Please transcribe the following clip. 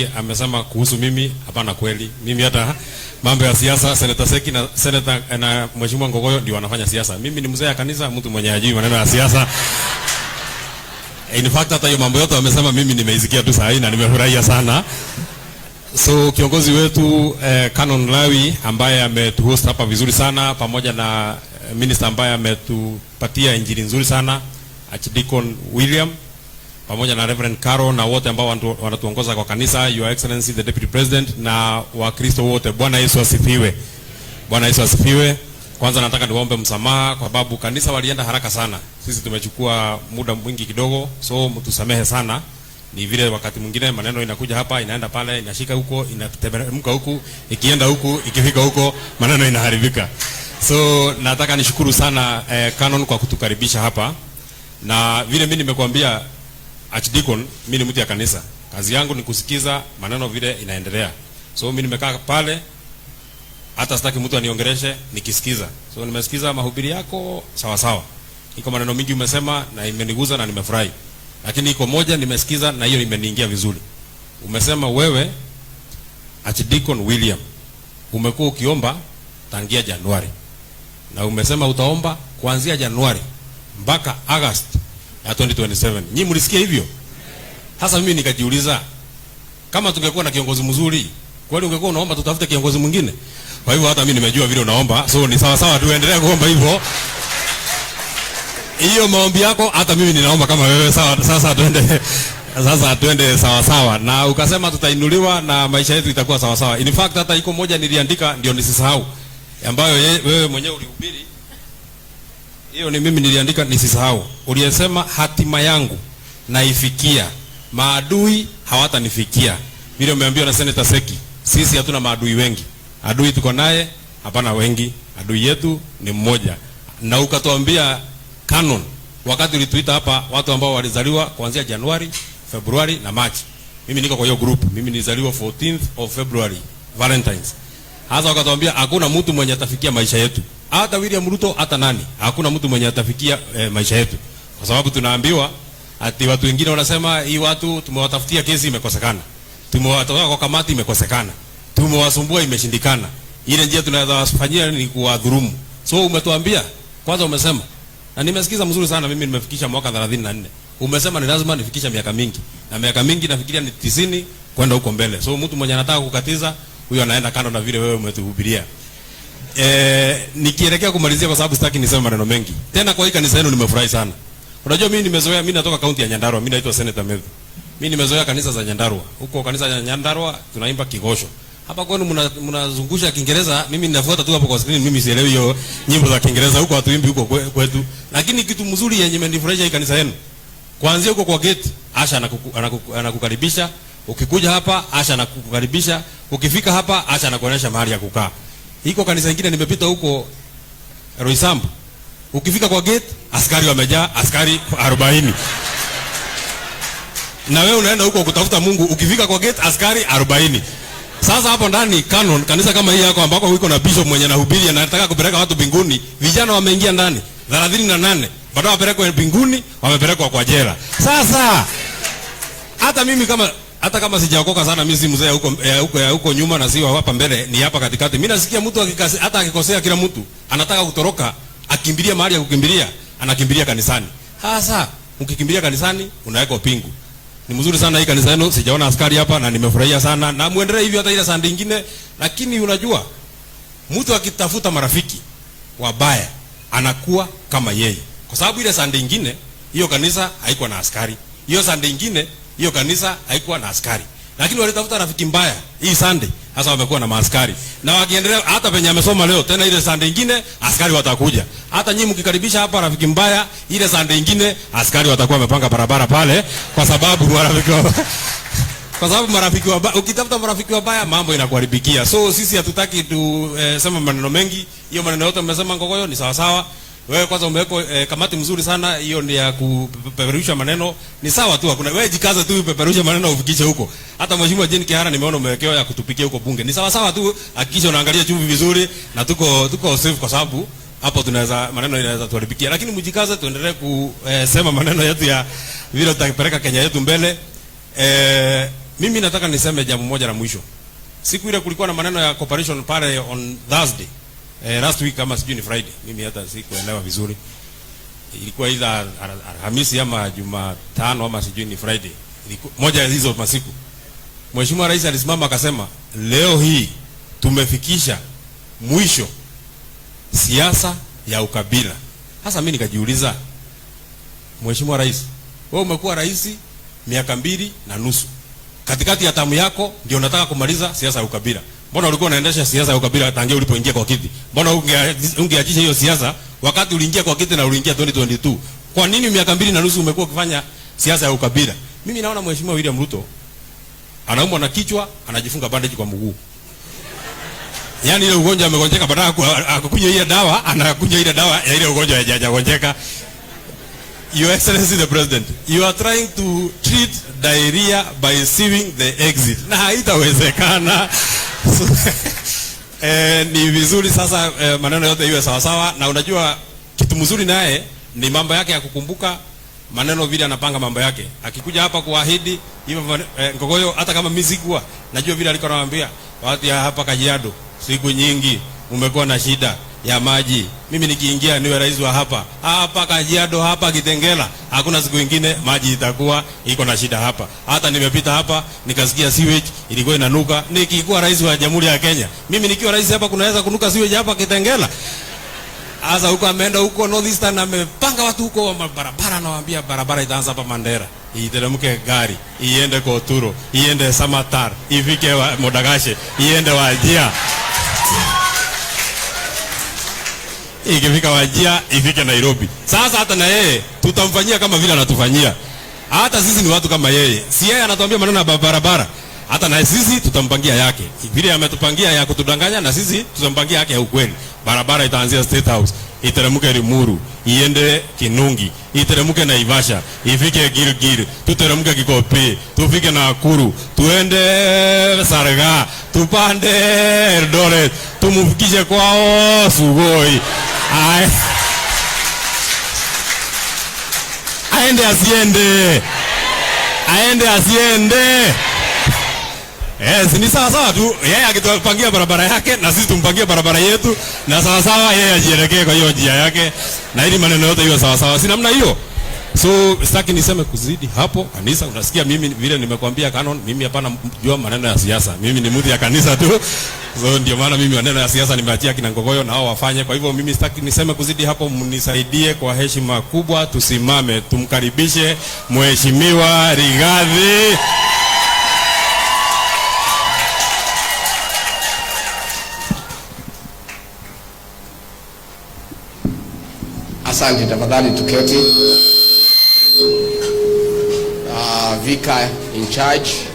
Seki amesema kuhusu mimi, hapana kweli. Mimi hata mambo ya siasa, Senator Seki na Senator eh, na Mheshimiwa Ngogoyo ndio wanafanya siasa. Mimi ni mzee wa kanisa, mtu mwenye ajui maneno ya siasa. In fact hata hiyo mambo yote wamesema mimi nimeisikia tu saa na nimefurahia sana. So kiongozi wetu eh, Canon Lawi ambaye ametuhost hapa vizuri sana pamoja na eh, minister ambaye ametupatia injili nzuri sana Archdeacon William pamoja na Reverend Caro na wote ambao wanatuongoza kwa kanisa, Your Excellency the Deputy President na Wakristo wote, Bwana Yesu asifiwe. Bwana Yesu asifiwe. Kwanza nataka niwaombe msamaha kwa sababu kanisa walienda haraka sana, sisi tumechukua muda mwingi kidogo, so mtusamehe sana. Ni vile wakati mwingine maneno inakuja hapa, inaenda pale, inashika huko, inatemeremka huku, ikienda huku, ikifika huko, maneno inaharibika. So nataka nishukuru sana eh, Canon kwa kutukaribisha hapa, na vile mimi nimekuambia archdeacon, mimi ni mtu ya kanisa, kazi yangu ni kusikiza maneno vile inaendelea. So mimi nimekaa pale, hata sitaki mtu aniongeleshe, nikisikiza. So nimesikiza mahubiri yako sawa sawa, iko maneno mingi umesema na imeniguza na nimefurahi, lakini iko moja nimesikiza na hiyo imeniingia vizuri. Umesema wewe Archdeacon William umekuwa ukiomba tangia Januari na umesema utaomba kuanzia Januari mpaka Agosti ya 2027. Nyinyi mlisikia hivyo? Sasa mimi nikajiuliza kama tungekuwa na kiongozi mzuri, kwani ungekuwa unaomba tutafute kiongozi mwingine? Kwa hivyo hata mimi nimejua vile unaomba, so ni sawa sawa, tu endelea kuomba hivyo. Hiyo maombi yako hata mimi ninaomba kama wewe, sawa. Sasa tuende sasa tuende sawa sawa, na ukasema tutainuliwa na maisha yetu itakuwa sawa sawa. In fact hata iko moja niliandika ndio nisisahau, ambayo wewe mwenyewe ulihubiri hiyo ni mimi niliandika, nisisahau. Uliyesema hatima yangu naifikia, maadui hawatanifikia. Vile umeambiwa na Senator Seki, sisi hatuna maadui wengi. Adui tuko naye hapana wengi, adui yetu ni mmoja. Na ukatuambia canon wakati ulituita hapa, watu ambao walizaliwa kuanzia Januari, Februari na Machi. Mimi niko kwa hiyo group, mimi nilizaliwa 14th of February Valentines. Hasa wakatuambia hakuna mtu mwenye atafikia maisha yetu hata William Ruto hata nani, hakuna mtu mwenye atafikia eh, maisha yetu, kwa sababu tunaambiwa ati watu wengine wanasema hii watu tumewatafutia kesi imekosekana, tumewatoa kwa kamati imekosekana, tumewasumbua imeshindikana, ile njia tunayowafanyia ni kuwadhulumu. So umetuambia kwanza, umesema na nimesikiza mzuri sana mimi, nimefikisha mwaka 34 umesema ni lazima nifikisha miaka mingi, na miaka mingi nafikiria ni 90 kwenda huko mbele. So mtu mwenye anataka kukatiza huyo anaenda kando na vile wewe umetuhubiria eh, nikielekea kumalizia kwa sababu sitaki niseme maneno mengi. Tena kwa hii kanisa yenu nimefurahi sana. Unajua mimi nimezoea, mimi natoka kaunti ya Nyandarua, mimi naitwa Senator Mevi. Mimi nimezoea kanisa za Nyandarua. Huko kanisa ya Nyandarua tunaimba kigosho. Hapa kwenu mnazungusha muna Kiingereza, mimi ninafuata tu hapo kwa screen, mimi sielewi hiyo nyimbo za Kiingereza huko hatuimbi huko kwetu. Lakini kitu mzuri yenye imenifurahisha hii kanisa yenu. Kuanzia huko kwa gate, Asha anakuku, anakuku, anakukaribisha. Ukikuja hapa Asha anakukaribisha. Ukifika hapa Asha anakuonyesha mahali ya kukaa. Iko kanisa lingine nimepita huko Roisambu, Ukifika kwa gate askari wamejaa, askari 40. Na wewe unaenda huko kutafuta Mungu, ukifika kwa gate askari 40. Sasa hapo ndani canon kanisa kama hii yako ambako uko na bishop mwenye anahubiri anataka kupeleka watu mbinguni, vijana wameingia ndani 38. na Baada wapelekwa mbinguni, wamepelekwa kwa jela. Sasa hata mimi kama hata kama sijaokoka sana mimi si mzee huko eh, huko eh, huko nyuma na siwa hapa mbele, ni hapa katikati. Mimi nasikia mtu akikasi hata akikosea, kila mtu anataka kutoroka, akimbilia mahali ya kukimbilia, anakimbilia kanisani. hasa ukikimbilia kanisani unaweka upingu. Ni mzuri sana hii kanisa yenu, sijaona askari hapa na nimefurahia sana, na muendelee hivyo hata ile saa nyingine. Lakini unajua mtu akitafuta marafiki wabaya anakuwa kama yeye, kwa sababu ile saa nyingine hiyo kanisa haiko na askari, hiyo saa nyingine hiyo kanisa haikuwa na askari, lakini walitafuta rafiki mbaya hii Sunday sasa wamekuwa na maaskari na wakiendelea, hata penye amesoma leo tena, ile Sunday nyingine askari watakuja. Hata nyinyi mkikaribisha hapa rafiki mbaya, ile Sunday nyingine askari watakuwa wamepanga barabara pale, kwa sababu marafiki wa kwa sababu marafiki wa ukitafuta marafiki wabaya mambo inakuharibikia. So sisi hatutaki tu eh, sema maneno mengi, hiyo maneno yote mmesema Ngogoyo ni sawa sawa. Wewe kwanza umeweko eh, kamati mzuri sana hiyo, ndio ya kupeperusha maneno. Ni sawa tu, hakuna wewe, jikaza tu upeperusha maneno ufikishe huko. Hata mheshimiwa Jane Kihara nimeona umewekewa ya kutupikia huko bunge. Ni sawa sawa tu, hakikisha unaangalia chumvi vizuri, na tuko tuko safe, kwa sababu hapo tunaweza maneno inaweza tuharibikia, lakini mjikaza tuendelee kusema eh, maneno yetu ya vile tutapeleka Kenya yetu mbele. Eh, mimi nataka niseme jambo moja la mwisho. Siku ile kulikuwa na maneno ya cooperation pale on Thursday eh, last week kama sijui ni Friday, mimi hata sikuelewa vizuri, ilikuwa ila Alhamisi ama Jumatano ama sijui ni Friday, ilikuwa moja ya hizo masiku, Mheshimiwa Rais alisimama akasema, leo hii tumefikisha mwisho siasa ya ukabila. Sasa mimi nikajiuliza, Mheshimiwa Rais, wewe umekuwa rais miaka mbili na nusu, katikati ya tamu yako ndio nataka kumaliza siasa ya ukabila. Mbona ulikuwa unaendesha siasa ya ukabila tangia ulipoingia kwa kiti? Mbona ungeachisha hiyo siasa wakati uliingia kwa kiti na uliingia 2022? Kwa nini miaka mbili na nusu umekuwa ukifanya siasa ya ukabila? Mimi naona Mheshimiwa William Ruto anaumwa na kichwa, anajifunga bandage kwa mguu. Yaani ile ugonjwa amegonjeka baada akakunywa ile dawa, anakunywa ile dawa ya ile ugonjwa hajagonjeka. Your Excellency the President, you are trying to treat diarrhea by sewing the exit. Na haitawezekana. eh, ni vizuri sasa eh, maneno yote iwe sawasawa, na unajua kitu mzuri naye ni mambo yake ya kukumbuka maneno vile anapanga mambo yake, akikuja hapa kuahidi hivyo eh, Ngogoyo hata kama mizigwa, najua vile alikuwa anawaambia watu hapa Kajiado, siku nyingi umekuwa na shida ya maji. Mimi nikiingia niwe rais wa hapa hapa Kajiado hapa Kitengela, hakuna siku ingine maji itakuwa iko na shida hapa. Hata nimepita hapa nikasikia sewage ilikuwa inanuka. Nikikuwa rais wa Jamhuri ya Kenya, mimi nikiwa rais hapa kunaweza kunuka sewage hapa Kitengela? Asa huko ameenda huko North Eastern amepanga watu huko wa barabara, nawaambia barabara itaanza hapa Mandera, iteremke gari iende kwa Uturo, iende Samatar, ifike wa Modagashe, iende Wajia. ikifika Wajia ifike Nairobi. Sasa hata na yeye tutamfanyia kama vile anatufanyia. Hata sisi ni watu kama yeye, si yeye anatuambia maneno ya barabara, hata na sisi tutampangia yake vile ametupangia ya kutudanganya, na sisi tutampangia yake ya ukweli. Barabara itaanzia State House iteremke Rimuru iende Kinungi iteremke Naivasha ifike Gilgil, tuteremke Kikopi tufike Nakuru tuende Sarga tupande Eldoret tumufikishe kwao Sugoi aende asiende, aende asiende. Yes, ni sawa sawa tu. Yeye akitupangia barabara yake na sisi tumpangie barabara yetu, na sawa sawa yeye ajielekee kwa hiyo njia yake, na ili maneno yote iwe sawa sawa, si namna hiyo? So sitaki niseme kuzidi hapo. Kanisa unasikia mimi vile nimekwambia canon, mimi hapana jua maneno ya siasa. Mimi ni mudhi ya kanisa tu. So ndio maana mimi maneno ya siasa nimeachia kina Ngogoyo na wao wafanye. Kwa hivyo mimi sitaki niseme kuzidi hapo, mnisaidie kwa heshima kubwa, tusimame tumkaribishe Mheshimiwa Rigathi. Asante, tafadhali tuketi. Vika in charge.